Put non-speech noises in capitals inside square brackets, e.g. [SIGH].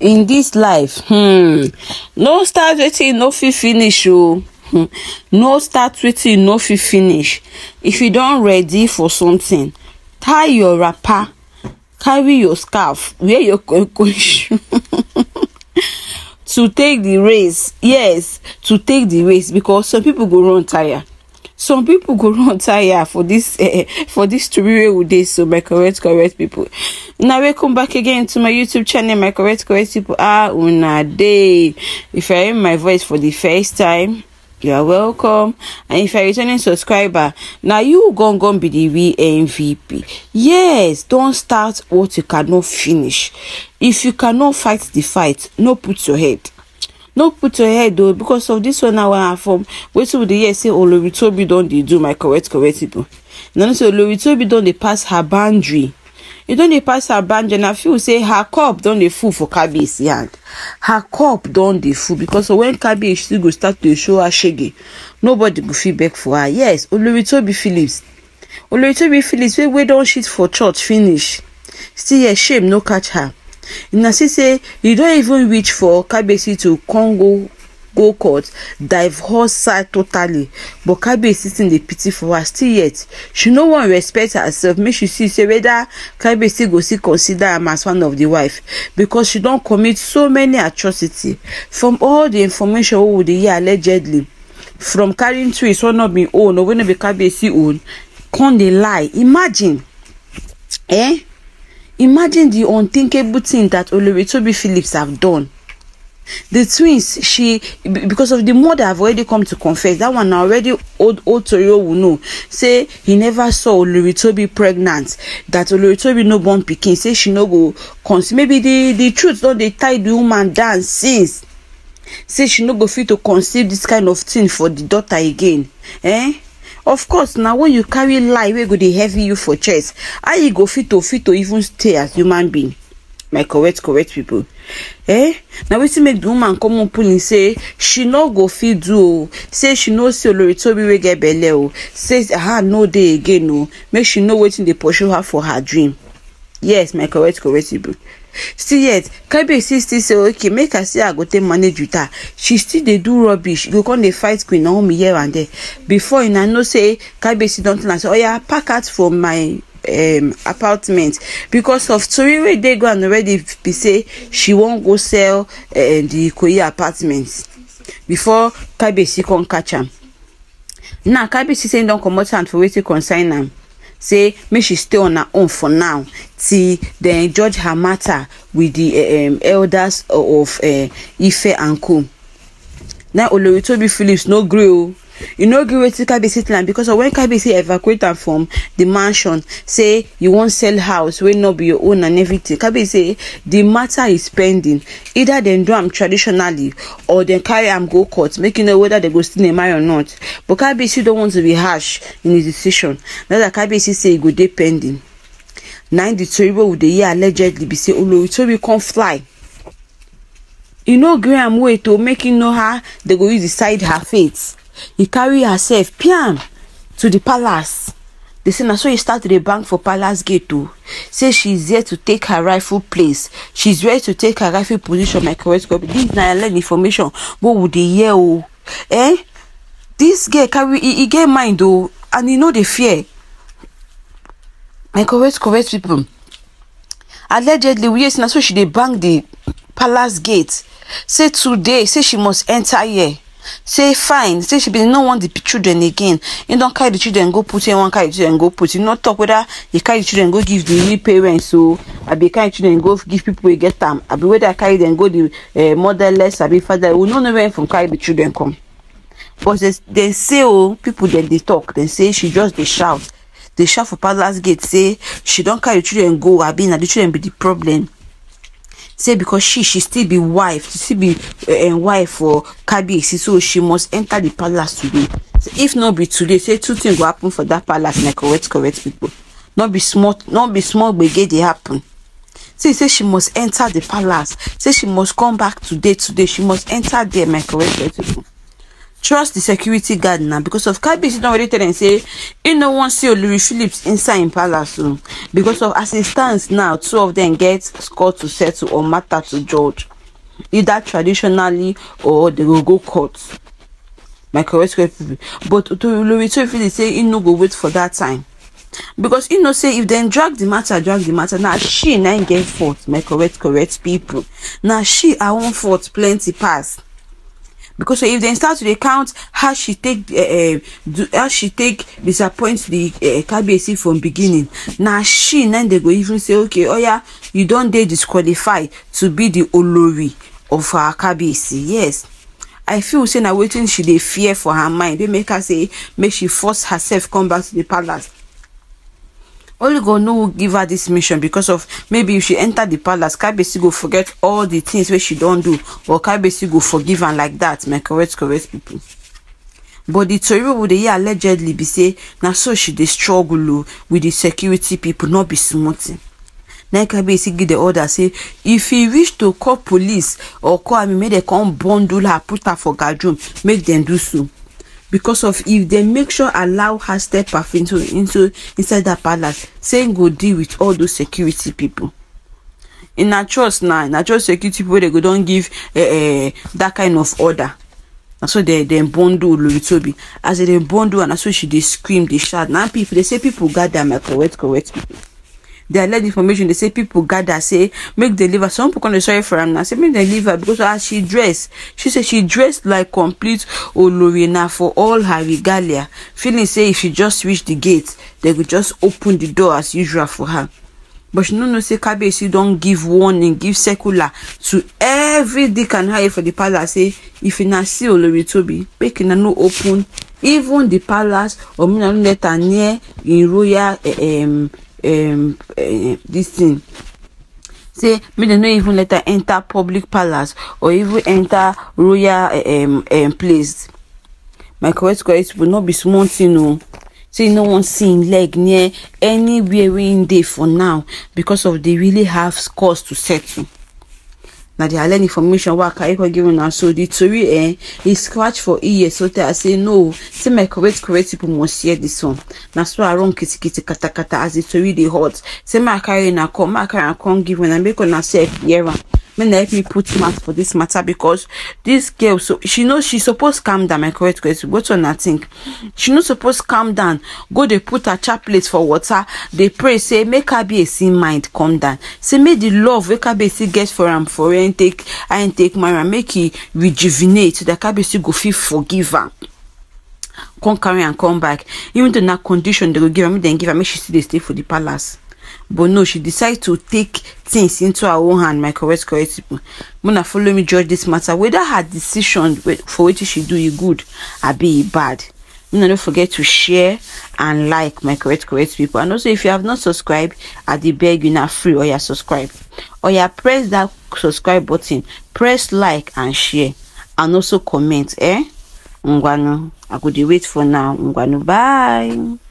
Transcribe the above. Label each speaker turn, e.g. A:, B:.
A: in dis life hmm, no start wetin you no fit finish o um no start wetin you no fit finish if you don ready for something tie your wrapper carry your scarf wear your koikoi [LAUGHS] shoe to take the race yes to take the race because some people go run tire some people go [LAUGHS] run tire for this uh, for this story wey we dey so my correct correct people Now welcome back again to my YouTube channel, my correct correct people. Ah, una day. If I hear my voice for the first time, you are welcome. And if you're a returning subscriber, now you gon' gon' be the real MVP. Yes, don't start what you cannot finish. If you cannot fight the fight, no put your head. no put your head though, because of this one I wey i Wait till the year say say olori tobi don dey do my correct correct people na so say olori tobi don dey pass her boundary you don dey pass her boundary and i feel say her cup don dey full for kabiyesi hand her cup don dey full because when kabiyesi still go start to show her shege nobody go fit beg for her yes olori phillips olori phillips wey wey don shit for church finish still here shame no catch her una see say e don even reach for kabiyesi to come go go court divorce her totally but kabiyesi sitting dey pity for her still yet she no wan respect herself make she see say whether still go still consider am as one of the wife because she don commit so many atrocity from all the information wey we dey hear allegedly from carrying twins wey no be own or wey no be kabiyesi own Con dey lie imagine eh imagine the unthinkable thing that olori tobi phillips have done the twins she because of the mother have already come to confess that one already old old toriyo will know say he never saw oloritobi pregnant that oloritobi no born pikin say she no go consume maybe the the truth don dey tie the woman down since say she no go fit to conceive this kind of thing for the daughter again eh of course na when you carry lie wey go dey heavy you for chest how you go fit to fit to even stay as human being my correct correct people eh na wetin make the woman come on pulling say she no go fit do o say she know say olori tobi wey get belle o say her no dey again o make she know wetin dey pursue her for her dream yes my correct correct people still yet kabiyesi still say okay make i say i go take manage with her she still dey do rubbish go come dey fight queen naomi here and there before una know say kabiyesi don tell am say oya pack out from my um, apartment because of tori wey dey ground already be say she wan go sell uh, the ikoyi apartment before kabiyesi come catch am now kabiyesi say im don comot hand for wetin concern am say make she stay on her own for now till dem judge her matter with the um, elders of uh, ife and co now olori tobi phillips no gree o you no gree wetin kabiyesi land because of when kabiyesi evacuate am from the mansion say you wan sell house wey no be your own and everything kabiyesi say the matter is pending either dem do am traditionally or dem carry am go court make you know whether dem go still dey marry or not but kabiyesi don want to be harsh in his decision now that kabiyesi say e go dey pending na the tori wey we dey hear allegedly be say olori tori come fly e no gree am wait o make e know how dem go use decide her fate He carry herself piam to the palace dey say na so he start to dey bang for palace gate o say she's there to take her rightful place She's is ready to take her rightful position my correct copy dis na learn information wey we dey hear o oh. eh This girl carry he he get mind o oh. and he no dey fear my correct correct people allegedly we hear say na so she dey bank the palace gate say today say she must enter here say fine say she bin no want the children again him don carry the children go put him wan carry the children go put him no talk whether he carry the children go give the new parents o abi carry the children go give people wey get am abi whether i carry them go the uh, motherless abi father we no know where from carry the children come but they, they say oh people dem dey talk dem say she just dey shout dey shout for palace gate say she don carry the children go abi na the children be the problem say because she she still be wife she still be uh, wife for kabiyesi so she must enter the palace today so if not be today say two things will happen for that palace na correct correct people Not be small not be small get they happen say say she must enter the palace say she must come back today today she must enter there my correct correct people trust the security guard now because of kabiyesi don already tell dem say e no wan see olori phillips inside im palace o because of as e stands now two of dem get score to settle or matter to judge either traditionally or they go go court my correct correct people but olori toyin phillips say e no go wait for that time because e know say if dem drag the matter drag the matter na she na get fault my correct correct people na she her own fault plenty pass because so if they start to count how she take uh, do, how she take disappoint the uh, eh, kabiyesi from beginning Now she na dem go even say okay oh yeah, you don't dey disqualify to be the olori of her KBC. yes i feel saying I waiting she dey fear for her mind wey make her say make she force herself come back to the palace only god know who give her this mission because of maybe if she enter the palace kabesi go forget all the things where she don't do or kabesi go forgive am like that. my correct correct people. but the story would they allegedly be say now so she dey struggle oh, with the security people not be small tin na kabiyesi give the order say if he wish to call police or call army make dem come bundle her put her for guard room make them do so because of if dem make sure allow her step her into into inside that palace saying go deal with all those security people in na trust na na trust security people wey dey go don give uh, uh, that kind of order na so dem dem bundle oloritobi as dem bundle and na so she dey scream dey shout na people dey say people gather my correct correct people they alleged information they say people gather say make the liver some people come sorry for am now say make the liver because as she dressed. she said she dressed like complete olorina for all her regalia feeling say if she just reach the gate they would just open the door as usual for her but she no know say kabiyesi don give warning give circular to every dick and high for the palace say if you una see olori tobi make una no open even the palace or make una no let her near im royal um, um, uh, this thing say make dem no even let her enter public palace or even enter royal eh, um, um, place my correct correct people no be small thing o oh. say no wan see im leg near anywhere wey im dey for now because of dey really have scores to settle na di learn information wey akayiko give una so di tori eh, he scratch for ear so tey i say no say my correct correct people must hear this one na so i run kitikiti katakata as di tori dey hot say make i carry una come make i carry come give una make una sef hear am. May help me put mouth for this matter because this girl so she know she suppose calm down my correct question what I think she no suppose calm down go they put a chaplet for water They pray say make her be a sin mind calm down say make the love wey kabiyesi get for him for her take and take my make he rejuvenate so that kabiyesi go feel forgive come carry and come back even though na condition they go give am make dem give am make she still dey stay for the palace. but no she decide to take things into her own hand my correct correct people muna follow me judge this matter whether her decision for which she do you good I be bad muna don't forget to share and like my correct correct people and also if you have not subscribed i beg you not free or you subscribe or you press that subscribe button press like and share and also comment eh ngwanu i could wait for now ngwanu bye